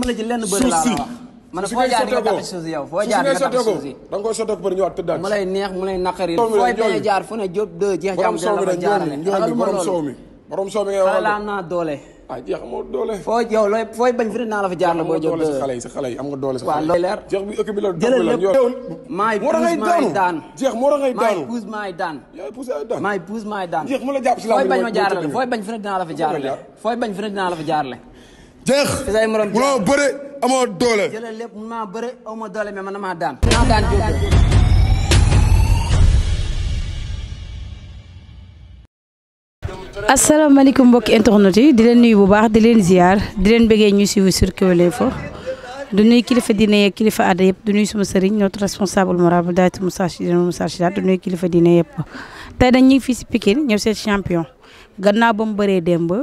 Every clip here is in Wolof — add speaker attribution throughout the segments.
Speaker 1: wala ma la jël lenn bëri laa wax man foo jaar di nga tapis suuf si yow foo jaar di nga tapis suuf si da nga koy sotti ko bëri ñëwaat tëddaat mu lay neex mu lay naqari fooy bañ a jaar fu ne jóg dë jeex jàmm dina la jaarale borom soow mi borom soow mi ngay wax naa doole ah jeex amoo doole foo yow looy fooy bañ fi naa la fa jaar la boo jóg dë xale yi sa xale yi am nga doole sa xale yi leer jeex bi occupé la jëlal lépp maay puus maay daan jeex moo ngay daanu maay puus maay daan maay puus maay daan jeex mu la jàpp si la fooy bañ ma jaarale fooy bañ fi ne dinaa la fa jaarale fooy bañ fi ne dinaa la fa jaarale jeex munoo bëre amoo
Speaker 2: internet yi di leen nuyu bu baax di leen di leen bëggee ñu suivre sur Kewel Info du nuyu kilifa diine yeeg kilifa aada du nuyu suma sëriñ notre responsable moral daaytu Moussa Chidine Moussa Chidate du nuyu kilifa diine yëpp tey dañ ñu ngi fii si Pikine seet champion gannaaw ba mu bëree démb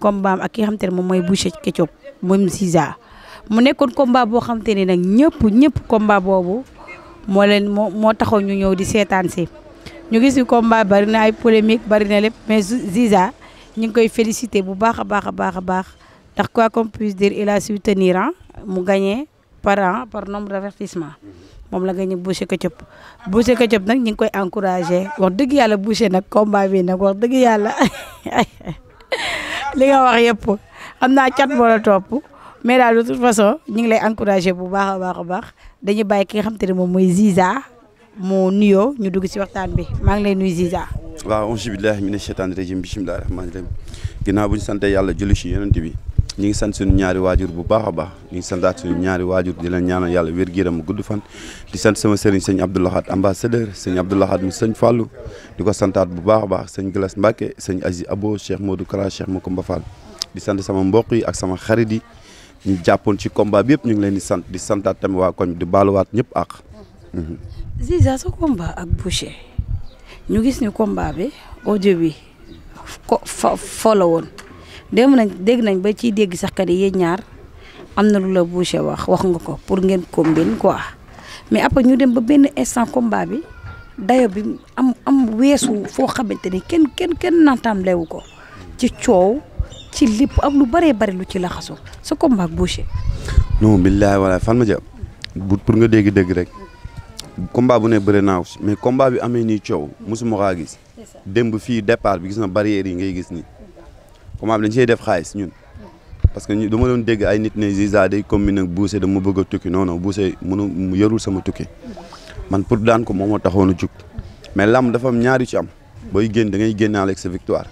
Speaker 2: combat ak ki nga xamante ne moom mooy Boucher Ketchup moom Ziza mu nekkoon combat boo xamante ne nag ñëpp ñëpp combat boobu moo leen moo moo taxaw ñu ñëw di seetaan si ñu gis ni combat bari na ay polemique bari na lépp mais Ziza ñu ngi koy félicité bu baax a baax a baax a baax ndax quoi qu'on puisse dire il a su tenir mu gagné par an par nombre moom la gagné Boucher Ketchup Boucher Ketchup nag ñu ngi koy encouragé wax dëgg yàlla Boucher nag combat bi nag wax dëgg yàlla li nga wax yëpp xam naa cat moo la topp mais daal de toute façon ñu ngi lay encouragé bu baax a baax a baax dañuy bàyyi ki nga xam te ne moom mooy Ziza mu nuyoo ñu dugg ci waxtaan bi maa ngi lay nuyu Ziza.
Speaker 3: waaw auzu billaahi mina sheytaani rajiim bismillaahi rahmaani rahiim ginnaaw bu ñu sant yàlla julli ci yonent bi ñu ngi sant suñu ñaari waajur bu baax a baax ñi ngi santaat ñaari waajur di leen ñaanal yàlla wér gu yaram gudd fan di sant sama sëriñ sëñ Abdou Lahad ambassadeur sëñ Abdou Lahad mu sëñ Fallou di ko santaat bu baax a baax sëñ Glass Mbacke sëñ Aziz Abo Cheikh Modou Kara Cheikh Makumba Fall di sant sama mbokk yi ak sama xarit yi ñu jàppoon ci combat bi yëpp ñu ngi leen di sant di santaat tamit waa koñ di baaluwaat ñëpp ak mhm.
Speaker 2: Ziza sa combat ak Boucher ñu gis ni combat bi audio bi fo la woon démb nañ dégg nañ ba ciy dégg sax kat yéen ñaar am na lu la boucher wax wax nga ko pour ngeen combine quoi mais après ñu dem ba benn instant bi dayo bi am am weesu foo xamante ni kenn kenn kenn nantaam ko ci coow ci lépp am lu bëree bëri lu ci laxasu sa combat ak boucher.
Speaker 3: non billaay walaay fan ma jàpp bu pour nga dégg dégg rek combat bu ne bëri naaw mais combat bi amee nii coow mosuma kaa gis démb fii départ bi gis na barrière yi ngay gis ni comment dañ ciy def xaalis ñun parce que ñu dama doon dégg ay nit ne Ziza day commune ak Boucher dama bëgg a tukki noonu non Boucher mënu yorul sama tukki man pour daan ko moom moo taxoon a jug mais làmb dafa am ñaari ci am booy génn dangay ngay génnaale sa victoire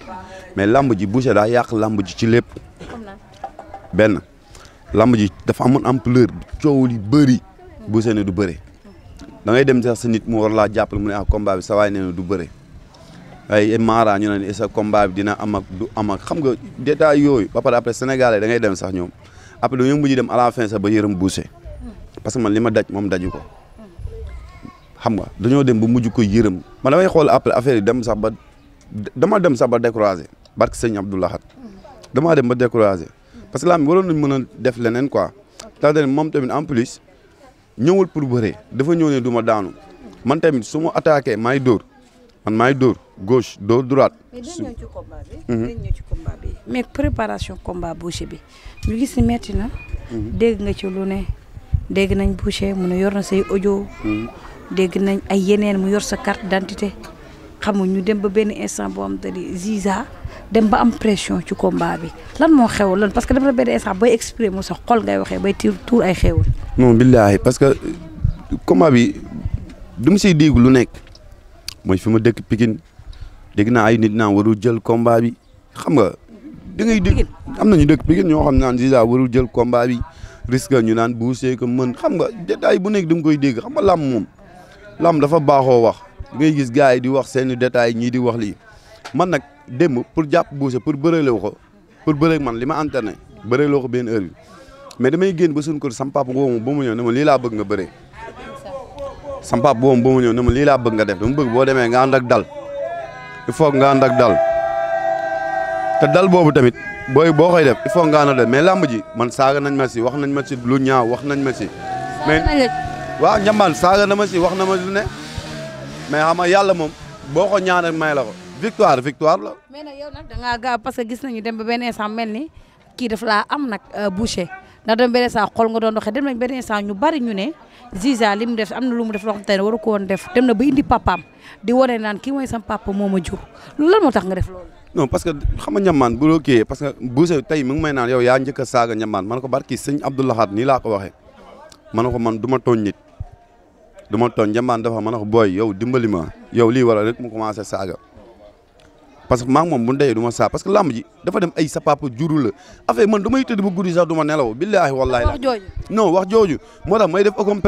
Speaker 3: mais làmb ji Boucher daa yàq làmb ji ci lépp benn làmb ji dafa am ampleur coow li bëri Boucher ne du bëre da ngay dem sax sa nit mu war laa jàppale mu ne ah combat bi sa waay na du bëre. ay Mara ñu ne sa combat bi dina ama ak du xam nga détail yooyu ba pare après sénégalais da dem sax ñoom après dañoo mujj dem à la fin sax ba yërëm buuse parce que man li ma daj moom daju ko xam nga dañoo dem ba mujj ko yërëm man damay xool après affaire yi dem sax ba dama dem sax ba découragé barke sëñ Abdou Lahad damaa dem ba découragé parce que laa mi waroon mën a def leneen quoi tax moom tamit en plus ñëwul pour bëree dafa ñëw ne du ma daanu man tamit su ma attaqué maay dóor man maay dóor gauche doo droite. mais
Speaker 1: dañ ñëw ci
Speaker 2: bi. Mhm. dañ ñëw ci combat bi mais préparation combat Boucher bi ñu metti na. Mhm. dégg nga ci lu ne dégg nañ Boucher mu ne yor na say audio. Mhm. dégg nañ ay yeneen mu yor sa carte d'identité xamul ñu dem ba benn instant boo am te ni Ziza dem ba am pression ci combat bi lan moo xew lan parce que dafa benn instant bay exprimer mu sax xol ngay waxee bay tiir tuur ay xewul.
Speaker 3: non parce que euh, combat bi du mu lu nekk fi ma dëkk Pikine. dégg naa ay nit naa warul jël combat bi xam nga. da ngay dégg am nañu dëkk bi ñoo xam naan Ziza warul jël combat risque ñu naan buusee ko mën xam nga détail bu nekk da nga koy dégg xam nga làmb moom dafa baaxoo wax ngay gis gars yi di wax seen i détail ñii di wax lii man nag démb pour jàpp buuse pour bëreeloo ko pour bëree man li ma entraîné bëreeloo ko benn heure bi mais damay génn ba suñu ko sam papa woo ma ba mu ñëw ne ma lii laa bëgg nga bëree sam papa woo ma ba mu ñëw lii laa bëgg nga def dama bëgg boo demee nga ànd ak dal il faut nga ànd ak dal te dal boobu tamit booy boo koy def il faut nga ànd ak dal mais làmb ji man saaga nañ ma si wax nañ ma si ñaaw wax nañ ma si. mais waaw njambaan saaga na ma si wax na ma lu ne mais xam nga yàlla moom boo ko ñaanal may la ko victoire victoire la. mais nag
Speaker 2: yow nag da ngaa gaaw parce que gis nañu dem ba benn instant mel ni kii def laa am nag euh, boucher. ndax dem benn instant xol nga doon doxee dem nañ benn instant ñu bari ñu ne Ziza li mu def am na lu mu def loo xam waru ko woon def dem na ba indi papaam di wane naan kii mooy sam papa moo a jur lan moo tax nga def loolu.
Speaker 3: non parce que xam nga ñamaan bu loo kiiyee parce que Bousse tey mu ngi may naan yow yaa njëkk a saaga ñamaan man ko barki sëñ Abdoulahat ni laa ko waxee man ko man du ma tooñ nit du ma tooñ ñamaan dafa man ko booy yow dimbali ma yow lii wala rek mu commencé saaga parce que maa moom bu ndeyee du ma saa parce que làmb ji dafa dem ay sa papa juru la affaire man du may tëdd ba guddi nelaw billaahi wallaahi non wax jooju moo tax may def okom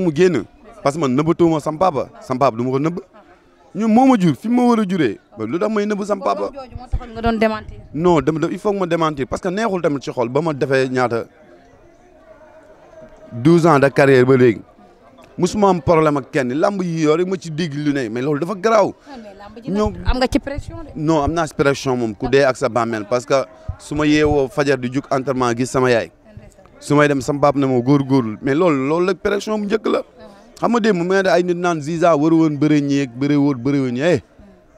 Speaker 3: mu génn parce que man nëbbatuuma sam papa sam papa ko nëbb ñun moo ma jur fi ma war a juree lu tax may nëbb non il faut ma démentir parce que neexul tamit ci xol ba ma ñaata douze ans de carrière ba léegi musuma am problème ak kenn lamb yi yor rek ma ci dégg lu ne mais loolu dafa garaaw. ñoom
Speaker 2: am nga ci pression
Speaker 3: de. am naa ci pression moom ku dee ak sa bàmmeel parce que su ma yeewoo fajar di jug entraînement gis sama yaay su may dem sama baab na ma góorgóorlu mais loolu loolu la pression bu njëkk la. xam ma démb mu mel ne ay nit naan Ziza waru woon bëree ñeeg bëree woon bëree woon eh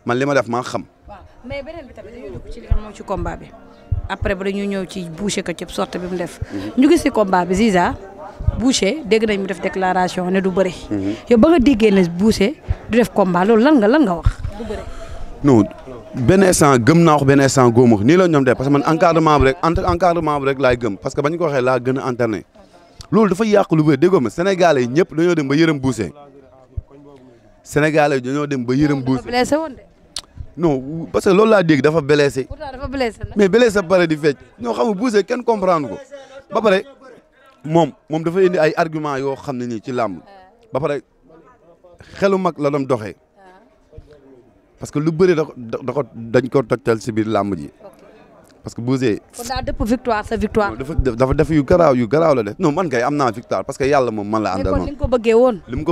Speaker 3: man li ma def maa xam. waaw
Speaker 2: mais beneen bi tamit dañuy dugg ci li xam mooy ci combat bi après ba dañuy ñëw ci boucher ko ci sorte bi mu def. Mhm. ñu gis ci combat bi Boucher dégg nañ mu def déclaration ne du bëri. Mhm. yow ba nga déggee ne Boucher du def combat loolu lan nga lan nga wax.
Speaker 1: du bëri
Speaker 3: non benn instant gëm naa wax benn instant góom wax nii la ñoom de parce que man encadrement bi rek entre encadrement bi rek laay gëm parce que bañ ko waxee laa gën a enterné loolu dafa yàq lu bëri déggoo ma Sénégalais yi ñëpp dañoo dem ba yërëm Boucher Sénégalais yi dañoo dem ba yërëm Boucher. non parce que loolu laa dégg dafa blessé. pourtant dafa blessé mais blessé ba pare di fecc ñoo xam nga kenn comprendre ko moom moom dafa indi ay argument yoo xam ne nii ci làmb ba pare xelu mag la doon doxee parce que lu bëri da ko da dañ ko tojtal si biir làmb ji parce que Boucher.
Speaker 2: kon daa dëpp victoire sa victoire.
Speaker 3: dafa dafa def yu garaaw yu garaaw la def non man kay am naa victoire parce que yàlla moom man la àndal moom. mais li nga ko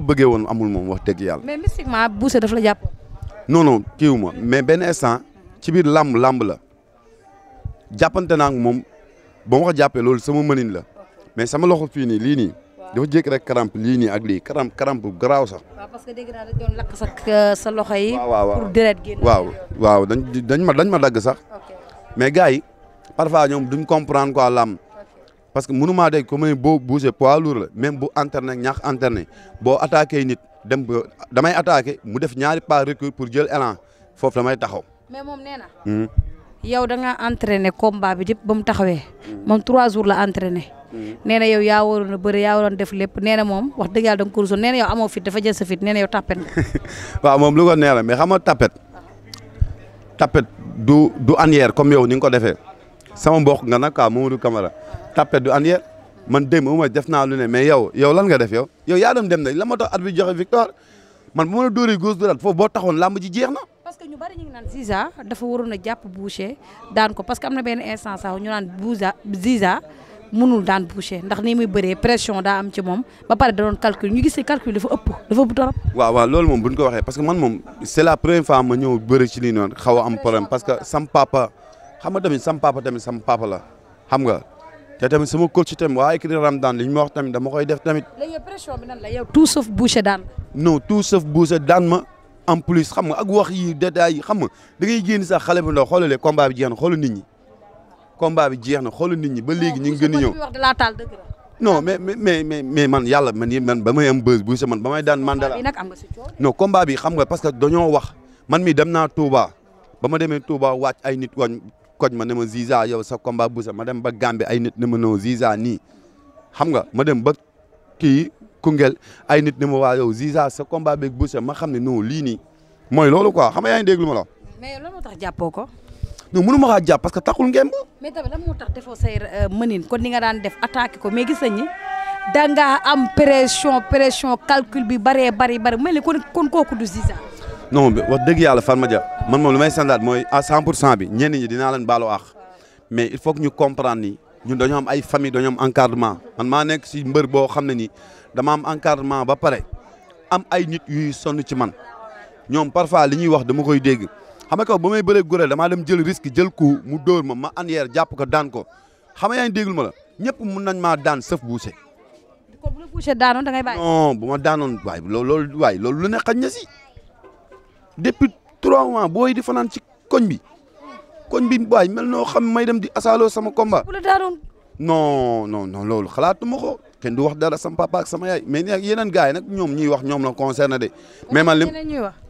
Speaker 3: bëggee woon. mu ko amul moom wax dëgg yàlla.
Speaker 2: mais mystiquement Boucher daf la jàpp.
Speaker 3: non non ma mais benn instant ci biir làmb làmb la jàppante naa moom ba ma ko jàppee loolu sama mënin la. mais sama loxo fii nii lii nii. dafa jékki rek karamp lii nii ak lii karamp karamp bu garaaw sax.
Speaker 2: waaw que sa sa loxo yi. pour deret génn.
Speaker 3: waaw waaw dañ dañ ma dañ ma dagg sax. mais gars yi parfois ñoom duñ comprendre quoi lam parce que mënu maa dégg comme boo bougé pois lourd la même bu internet ñax internet boo attaqué nit dem ba damay attaqué mu def ñaari pas recul pour jël élan foofu damay taxaw. mais moom nee na. Hmm.
Speaker 2: yow da nga entraîné combat bi yëpp ba mu taxawee. Hmm. moom trois jours la entraîné. nee na yow yaa waroon a bëri yaa waroon def lépp nee moom wax dëgg yàlla da nga ko rusoon nee na yow amoo fit
Speaker 3: dafa du du anière comme yow ni nga ko defee sama mbokk nga nag quoi Mamadou Camara tapet du anière man démb ma def naa lu ne mais yow yow lan nga def yow yow yaa doon dem nag la ma tax at joxe victoire man bu ma la dóoree du daal foofu boo taxoon làmb ji jeex na. parce
Speaker 2: ñu bari ñu naan Ziza dafa waroon a jàpp Boucher daan ko parce mënul daan boucher ndax ni muy bëree pression daa am ci moom ba pare da doon calcul ñu calcul dafa ëpp
Speaker 3: dafa moom bu ñu ko waxee parce que man moom c'est la première fois ma ñëw a am sam papa xam nga sam papa tamit la xam nga te tamit sama coach waa écrit Ramadan li ñu ma wax def tamit.
Speaker 2: léegi pression bi nan daan.
Speaker 3: non tout sauf boucher daan ma en plus xam nga ak wax yi détails yi xam nga da ngay génn sax xale bu ndaw xoolale combat bi jeex na xoolu nit ñi combat bi jeex na xoolal nit ñi ba léegi ñu ngi gën a ñëw non mais mais mais mais man yàlla man man ba may am buzz man ba may daan mandala non combat bi xam nga parce que dañoo wax man mi dem naa Touba ba ma demee Touba wàcc ay nit wañ koñ ma ne ma Ziza yow sa combat bu ma dem ba Gambie ay nit ne ma noo Ziza nii xam nga ma dem ba kii Koungheul ay nit ne ma waa yow Ziza sa combat beeg bu ma xam ne non lii nii mooy loolu quoi xam nga yaa ngi dégg ma la non mënu ma xaa parce que taxul ngemb.
Speaker 2: mais tamit lan moo tax defoo say euh, mënin kon ni nga daan def attaqué ko mais gis nañu da nga am pression pression calcul bi bëree bëri bëri mel ni kon kon kooku du Ziza.
Speaker 3: non dëgg yàlla Fatma Dia man moom lu may sandaat mooy à 100 pour cent bi ñenn ñi dinaa leen baalu àq mais il faut que ñu comprendre ni ñun dañoo am ay famille dañoo am encadrement man maa nekk si mbër boo xam ne ni dama am encadrement ba pare am ay nit yuy sonn ci man ñoom parfois li ñuy wax dama koy dégg. xam nga kaw ba may bëree Gorel damaa dem jël risque jël ko mu dóor ma ma anyeer jàpp ko daan ko xam nga yaa déglu ma la ñëpp mun nañ maa daan sëf buuse.
Speaker 2: kon bu la da ngay bàyyi.
Speaker 3: non bu ma daanoon waay loolu waay loolu lu ne xaj na si depuis trois mois booy di fanaan ci koñ bi koñ bi waay mel noo xam may dem di asaaloo sama combat. bu noo daanoon. non non non loolu xalaatuma ko. kenn du wax dara sama papa ak sama yaay mais yeneen gars yi nag ñoom ñuy wax ñoom la concerné de. mais man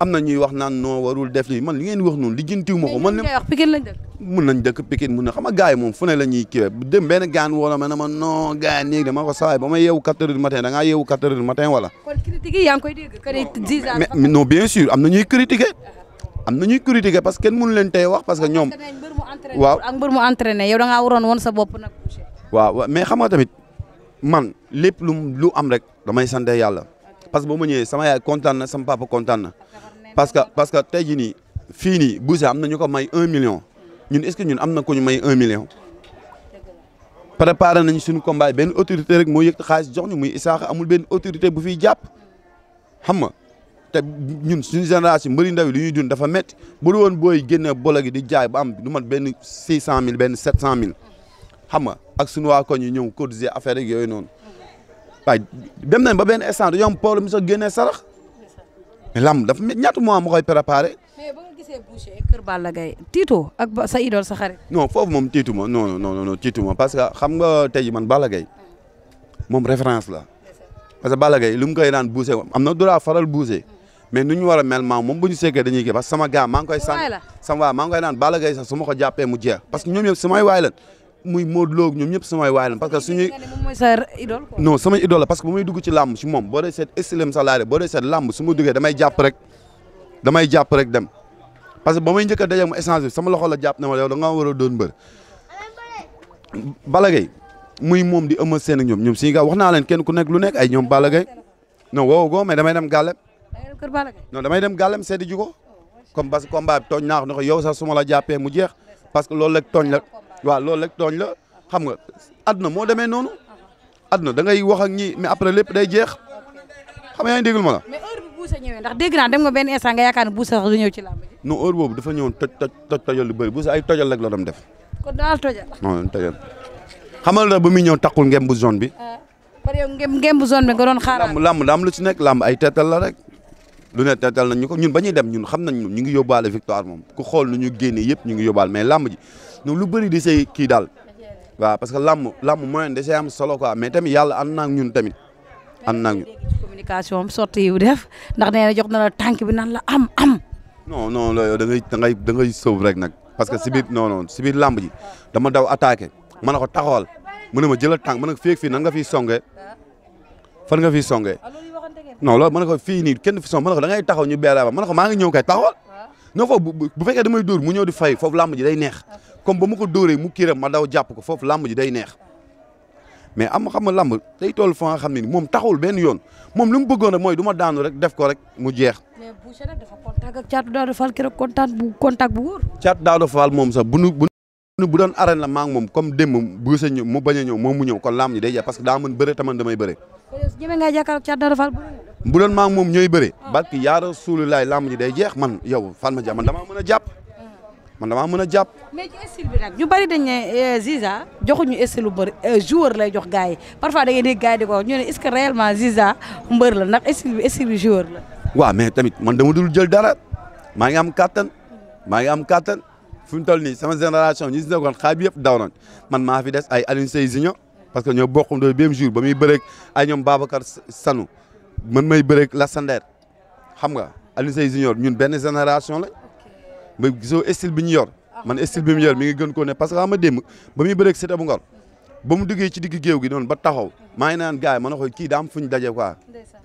Speaker 3: am na ñuy wax naan non warul def lii man li ngeen wax noonu ko. man li wax Pikine lañ dëkk. mun nañ dëkk Pikine mun na xam nga gars yi moom fu ne la ñuy kiiwee bu dem benn gaan woo na ma ne ma non gars yi que kenn mënu leen tey wax parce que ñoom. waaw
Speaker 2: ak mbër mu entraîné yow da sa bopp nag.
Speaker 3: waaw mais xam nga tamit man lépp lu lu am rek damay sant yàlla parce que boo ma ñëwee sama yaay kontaan na sama papa kontaan na parce que parce que tey jii nii fii nii Boucher am na ñu ko may un million ñun est-ce ñun am na ko ñu may un million. préparé nañ suñu combat benn autorité rek moo yëg xaalis jox ñu muy Isaaxa amul benn autorité bu fiy jàpp xam nga te ñun suñu génération mbëri ndaw yi li ñuy dund dafa métti bu lu woon booy génne bolo gi di jaay ba am du mat benn six cent mille benn sept cent mille. xam nga ak suñu waa koñ yi ñëw cotiser affaire yooyu noonu waaye dem nañ ba benn instant dañoo am mi sax génnee sarax mais lam dafa ñaata mois ma koy préparé.
Speaker 2: mais ba nga tiito ak sa idole sa xarit.
Speaker 3: non foofu moom tiitu ma non non non tiitu ma parce que xam nga tey man Balla Gaye moom référence la parce que Balla Gaye lu mu am na droit faral boucher mais nu ñu war a mel maam moom bu ñu seggee dañuy kii parce que sama gars maa ngi koy. waay la sant sama waa koy naan Balla Gaye sax ma ko jàppee mu jeex parce que ñoom yëpp samay waay muy Modou Lo ñoom ñëpp samay waay la parce que suñuy. non idole la parce que bu may dugg ci làmb si moom boo dee seet islam salaare boo dee seet làmb su duggee damay jàpp rek damay jàpp rek dem parce que ba may njëkk a dajeeg mu échange bi sama la jàpp ne ma yow da nga moom di ëmmal seen ak ñoom ñoom suñu wax naa leen kenn ku nekk lu nekk ay ñoom Balla Gaye non woo goo mais damay dem gàllem. non damay dem gàllem seeti ji ko oh, comme parce tooñ naa ko yow sax su ma la jàppee mu jeex parce que tooñ waaw loolu rek tooñ la xam nga àdduna moo demee noonu àdduna da ngay wax ak ñi mais après lépp day jeex xam nga yaa ngi déglu ma la.
Speaker 2: mais heure bu Boussa ñëwee ndax dégg naa dem nga benn instant nga yaakaar ne Boussa sax du ñëw ci làmb ji.
Speaker 3: non toj toj toj tojal lu bëri Boussa ay tojal rek la doon def.
Speaker 2: kon daal tojal.
Speaker 3: non tojal xamal la ba muy ñëw takkul ngem bu zone bi. Ah,
Speaker 2: par yow ngem ngem bu zone bi nga doon xaaraat.
Speaker 3: làmb lu ci nekk làmb ay teetal la rek. lu ne teetal nañ ñu ko ñun ba dem ñun xam nañ ñu ngi yóbbaale victoire moom ku xool nu ñu génnee yëpp ñu ngi yóbbaale mais làmb ji donc lu bëri di say kii daal waaw parce que làmm làmm moyen da am solo quoi mais tamit yàlla ànd naa ñun tamit ànd naa ñun.
Speaker 2: communication am sotti yu def ndax nee na jox na la tànk bi nan la am am.
Speaker 3: non non loolu da ngay da ngay rek nag parce que si biir non non biir làmb ji dama daw attaqué ma ne ko taxawal mu ne ma jëlal tànk ma ne ko fii ak fii nan nga fiy songee fan nga fi songee ah, non loolu ma ne ko fii nii kenn fi song ma ko da ngay taxaw ñu beeraay ba ma ko maa ngi ñëw kay taxawal non foofu bu fekkee damay mu ñëw di fay foofu làmb ji day neex comme ba mu ko dooree mu kiiram ma daw jàpp ko foofu làmb ji day neex mais am xam nga lamb day toll fa nga xam ne ni moom taxawul benn yoon moom li mu bëggoon rek mooy du ma daanu rek def ko rek mu jeex.
Speaker 2: mais Boucher nag dafa contact ak Thiatou Daouda bu contact bu wóor.
Speaker 3: Thiatou Daouda sax bu nu bu bu doon arène la maa ngi moom comme démb mu bañ a ñëw moom mu ñëw kon làmb ji day jeex parce que daa mën bëre taman damay bëre.
Speaker 2: ñeme nga jàkkaarloog Thiatou Daouda Fall
Speaker 3: bu doon maa ngi moom ñooy bëre. Ah. barki yaara suulu laay làmb ji day jeex man yow fan ma jàpp man damaa mën a jàpp man damaa mën a jàpp.
Speaker 2: mais bi nag ñu bari dañ ne eh, Ziza joxuñu style lu bëri eh, joueur lay jox gars yi parfois da ngay dégg di ko ñu ne est-ce que réellement Ziza mbër la ndax style bi style bi joueur
Speaker 3: la. waaw mais tamit man dama dul jël dara maa ngi am kattan maa ngi am kattan fu mu toll nii sama génération ñi si nekkoon xaaj bi yëpp daw nañ man maa fi des ay Alioune Seye Junior parce que ñoo bokkandoo même jour ba muy bëreeg ay ñoom Babacar Sanu man may bëreeg Lassander xam nga Alioune Seye Junior ñun benn génération la. ba gisoo style bi ñu yor man style bi mu yor mi ngi gën koo ne parce que xam nga démb ba muy bëreeg Siteu bu ba mu duggee ci digg géew gi noonu ba taxaw maa ngi naan gars yi ma ne ko kii daa am fu ñu daje quoi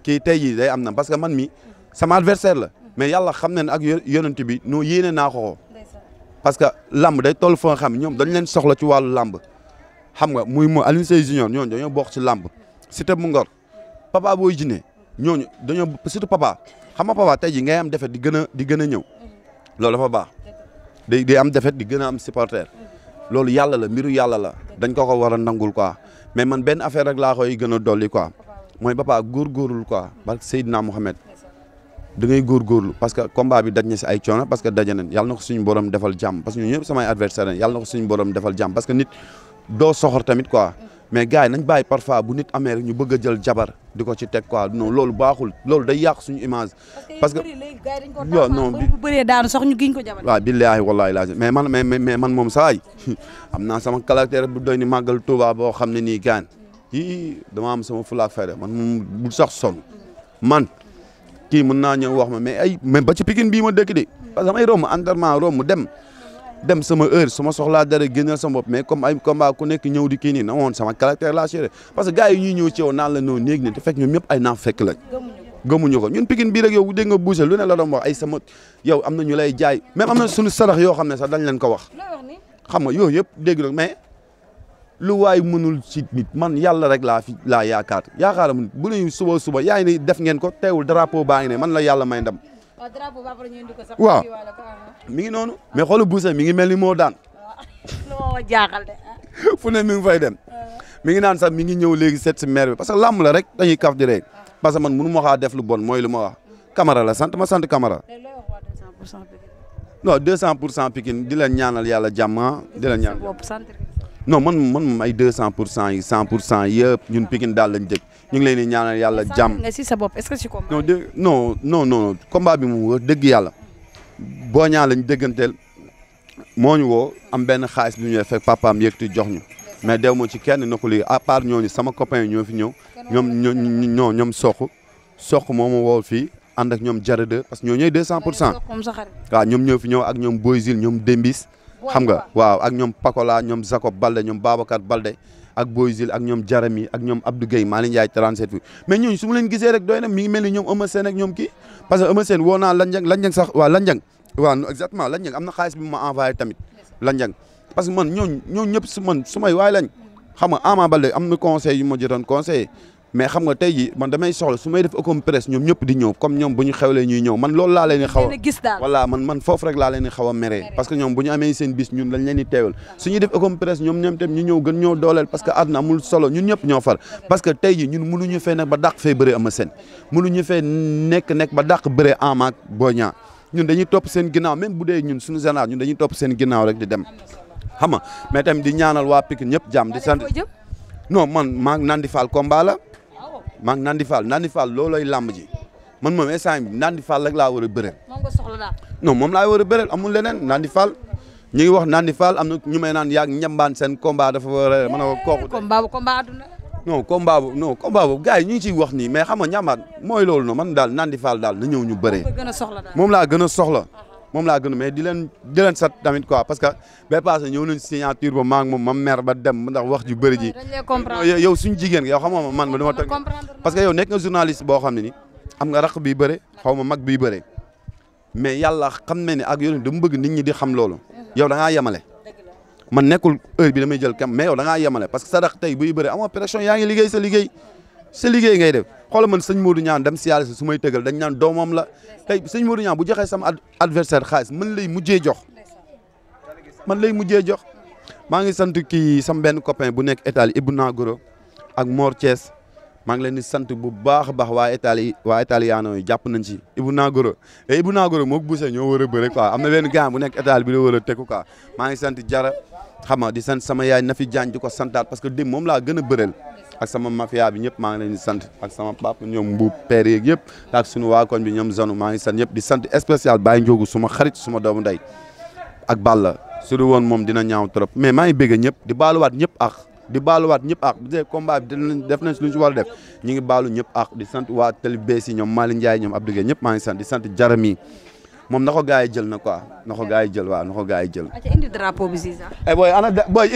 Speaker 3: kii tey day am na parce que man mi sama adversaire la mm. mais yàlla xam na ne ak yonent bi noo yéene naa ko parce que lamb day tol foo xam ñoom dañ leen soxla ci wàllu lamb xam nga muy mo Alioune Seye Junior ñooñu dañoo bokk ci lamb Siteu bu Ngor papa booy jinne ñooñu dañoo surtout papa xam nga papa tey jii ngay am defet di gën a di gën a ñëw loolu dafa baax day am defet di gën am supporter loolu yàlla la mbiru yàlla la dañ ko ko war a nangul quoi mais man benn affaire rek laa koy gën a dolli quoi mooy Papa góor góorul barke Seydina Mohamed da ngay góorgóorlu parce que combat bi daj na si ay coono parce que daje nañ yàlla na ko suñu borom defal jàmm parce que ñun ñëpp samay adversaire yàlla na borom defal jàmm parce que nit doo soxor tamit quoi. mais gars yi baay bàyyi parfois bu nit amee rek ñu bëgg jël jabar di ko ci teg quoi non loolu baaxul loolu da yàq suñu image. parce que yow non bi bu
Speaker 2: bëree daanu sax ñu giñ ko jabar.
Speaker 3: waaw billaahi wallaahi laaj mais man mais mais man moom saa yi am naa sama caractère bu doy ni màggal Tuuba boo xam ne nii gaan yii dama am sama fulaak fayda man moom bu sax sonn man kii mën naa ñëw wax ma mais ay me ba ci Pikine bii ma dëkk de parce que damay romb entraînement mu dem. dem sama heure su ma soxlaa dara génnal sama bopp mais comme ay combat ku nekk ñëw di kii nii na woon sama caractère laa chéré parce que gars yi ñuy ñëw ci yow naan la noo néeg ne te fekk ñoom ñëpp ay naa fekk lañ gëmuñu ko ñun Pikine bii rek yow dégg nga buuse lu ne la doon wax ay sama yo am na ñu lay jaay même am na suñu sarax yoo xam ne sax dañ leen ko wax xam nga yooyu yëpp dégg na mais lu waay mënul ci nit man yàlla rek laa fi laa yaakaar yaakaar bu ne suba suba yaay ngi def ngeen ko teewul drapeau baa ngi ne man la yàlla may ndam waaw mi ngi noonu mais xoolu buuse mi ngi mel ni moo daan ah. fu ne mi ngi fay dem ah. mi ngi naan sax mi ngi ñëw léegi seet si maire bi parce que làmb la rek dañuy kaf di rey ah. parce que man mënu ma xaa def lu bon mooy lu ma wax Camara la sant ma sant Camara non deux cent pour cent Pikine di la ñaanal yàlla jàmm di la ñaan non man man ay deux cent pour cent yi cent pour cent yëpp ñun Pikine daal lañ jëkk ñu ngi leen di ñaanal yàlla jàmm. nga
Speaker 2: si sa bopp est-ce que si combat.
Speaker 3: non de non non non combat bi mu wax dëgg yàlla boo ñaa lañ dëgganteel moo ñu woo am benn xaalis bu ñu fekk papaam yëkkati jox ñu mais dew ma ci kenn na ko lii à part ñooñu sama copain yi ñoo fi ñëw ñoom ñoo ñoom soq soq moo ma woo fii ànd ak ñoom jarade parce que ñoo ñooy deux cent pour cent waaw ñoom ñoo fi ñëw ak ñoom Boyzil ñoom Dembis xam nga waaw ak ñoom Pakola ñoom Jacob Balde ñoom Babacar Balde ak Boyzil ak ñoom Jarami ak ñoom Abdou Gueye Malick Ndiaye 37 fi mais ñooñu su ma gisee rek doy na mi ngi mel ni ñoom Eumeu Sène ak ñoom kii parce que Eumeu Sène woo naa Lanjang Lanjang sax waaw Lanjang waaw exactement Lanjang am na xaalis bi ma envoyé tamit Lanjang parce que man ñooñu ñooñu ñëpp su man su may waay lañ xam nga Ama Balde am na conseil yu ma jotoon conseillé mais xam nga tey ji man damay soxla su may def open press ñoom ñëpp di ñëw comme ñoom bu ñu xewlee ñuy ñëw man loolu laa leen di xaw a voilà man man foofu rek laa leen di a meree parce que ñoom bu ñu amee seen bis ñun lañ leen di teewal suñuy def open press ñoom ñoom tam ñu ñëw gën ñoo dooleel parce que àdduna amul solo ñun ñëpp ñoo far parce que tey jii ñun mënuñu fee nekk ba dàq fee bëre ama seen mënuñu fee nekk nekk ba dàq bëre amaak boña ñun dañuy topp seen ginnaaw même bu dee ñun suñu général ñun dañuy topp seen ginnaaw rek di dem xam nga mais tamit di ñaanal waa Pikine ñëpp jàmm di sant non man maa naan di faal combat la maa ngi Nandi Fall Nandi Fall loolooy làmb ji man moom instant Nandi faal rek laa war a bëreel. moom nga soxla daal. non moom laa war a bëreel amul leneen Nandi Fall ñu ngi wax Nandi Fall am na ñu may naan yàgg njambaan seen combat dafa war a eh, mën a kooku.
Speaker 2: combat bu combat
Speaker 3: adduna. non combat bu non combat ñu ngi ciy wax nii mais xam nga ñambaat mooy loolu noonu man daal Nandi Fall daal na ñëw ñu bëree. moom laa gën a soxla moom laa gën mais di leen di leen sat tamit quoi parce que ba passé ñëw ba maa ngi moom ma mer ba dem ndax wax ju bëri ji yow suñu jigéen yow xam nga man ma dama toog parce que yow nekk nga journaliste boo xam ne ni am nga raq bi bëre xaw ma mag bi bëre mais yàlla xam ne ne ak du dama bëgg nit ñi di xam loolu mhm. yow da ngaa yemale man nekkul heure bi damay jël kam mais yow da ngaa yemale parce que sadax tey buy bëri amoo pression yaa ngi liggéey sa liggéey sa liggéey ngay def xoola man sëñ Modou ñaan dem si yàlla si su may tëgal dañ naan doomam la tey sëñ Modou Niang bu joxee sama adversaire xaalis man lay mujjee jox man lay mujjee jox maa ngi sant kii sama benn copain bu nekk Italie Ibou Nagoro ak moor Thiès maa ngi leen di sant bu baax a baax waa Italie waa italiano yi jàpp nañ ci Ibou Nagoro et Ibou Nagoro moog Bousse ñoo war a bëre quoi am na benn gars bu nekk Italie bi la war a tegu quoi maa ngi sant jara xam nga di sant sama yaay Nafi Diagne di ko santaat parce que di moom laa gën a bëreel ak sama mafia bi ñëpp maa ngi leen di sant ak sama papa ñoom mbuub père yëpp ak suñu waa koñ ñoom zanu maa ngi sant ñëpp di sant spécial Baye Ndiogu suma xarit suma doomu ndey ak Balla su woon moom dina ñaaw trop mais maa ngi bégg ñëpp di baaluwaat ñëpp ak di baaluwaat ñëpp ak bu dee combat bi def nañ si lu si war a ñu ngi baalu ñëpp ak di sant waa télé bees yi ñoom Malick Ndiaye ñoom Abdou Gueye ñëpp maa ngi sant di sant Jarami moom na ko yi jël na quoi na ko gars yi jël waa na ko gars yi jël.
Speaker 2: indi drapeau bi Ziza.
Speaker 3: Eh booy ana booy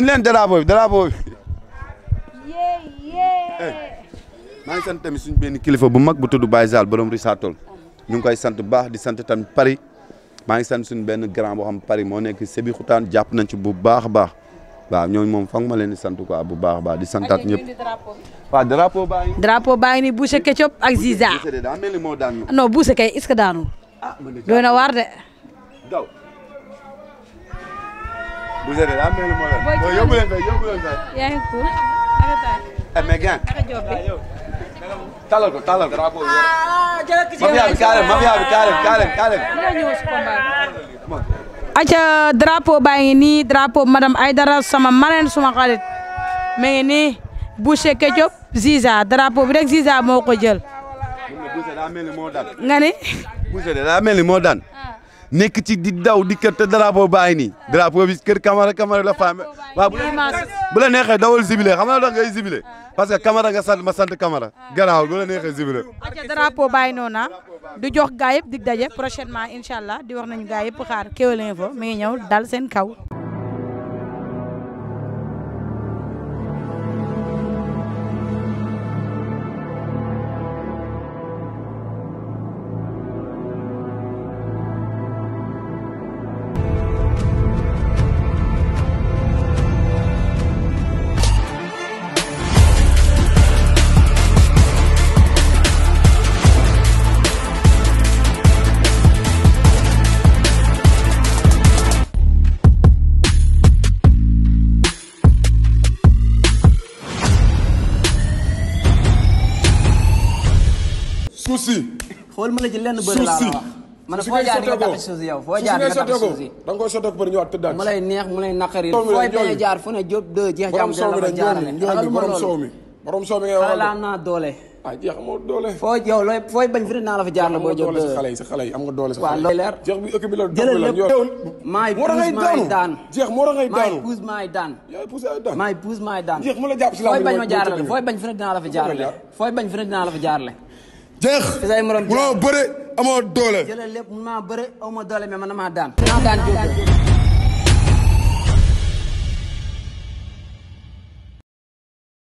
Speaker 3: Eh, maa ngi sant tamit suñu benn kilifa bu mag bu tudd Baye Sall borom Risatol ñu ngi koy sant bu baax di sant tamit Paris maa ngi sant suñu benn grand boo xam pari moo nekk Sébi Xutaan jàpp nañ ci bu baax a baax waaw ñooñu moom foog ma leen di sant quoi bu baax a baax di santaat ñëpp. waaw drapeau baa
Speaker 2: ngi. drapeau baa ngi ak Ziza. Boucher de daa mel ni kay est daanu. ah na waar de.
Speaker 3: daw Boucher de daa mel ni moo
Speaker 2: daan. mais gànc. acca drapeau baa ngi nii drapeau madame dara sama marraine suma xarit ma ngi nii boucher ketchup Ziza drapeau bi rek Ziza moo ko jël. nga ni.
Speaker 3: boucher daa mel ni moo daan. nekk ci di daw di kër te drapeau bàyyi nii drapeau bi kër Camara Camara la faame waaw
Speaker 2: bu
Speaker 3: la neexee dawal zibilé xam nga tax ngay zibilé ah. parce que Camara nga sant ma sant Camara ah. garaawul bu la neexee zibilé.
Speaker 2: ok drapeau bàyyi noonu ah. jox gaa yëpp dig daje prochainement incha allah di wax nañu gaa yëpp xaar Kewel Info mi ngi ñëw dal seen kaw.
Speaker 1: suuf si. la ci lenn bëri laa la wax man foo jaar di nga tax suuf si yow foo jaar di nga tax suuf si da nga koy sotteeku bëri ñëwaat tëddaat mu lay neex mu la fa jaarale borom soow fooy bañ fi naa la fa jaar la fooy bañ ma dinaa la fa jaarale fooy bañ fi dinaa la fa jaarale jeex mënoo bëre amoo doole. jëlal lépp mën naa bëre aw ma doole mais man damaa daan. daan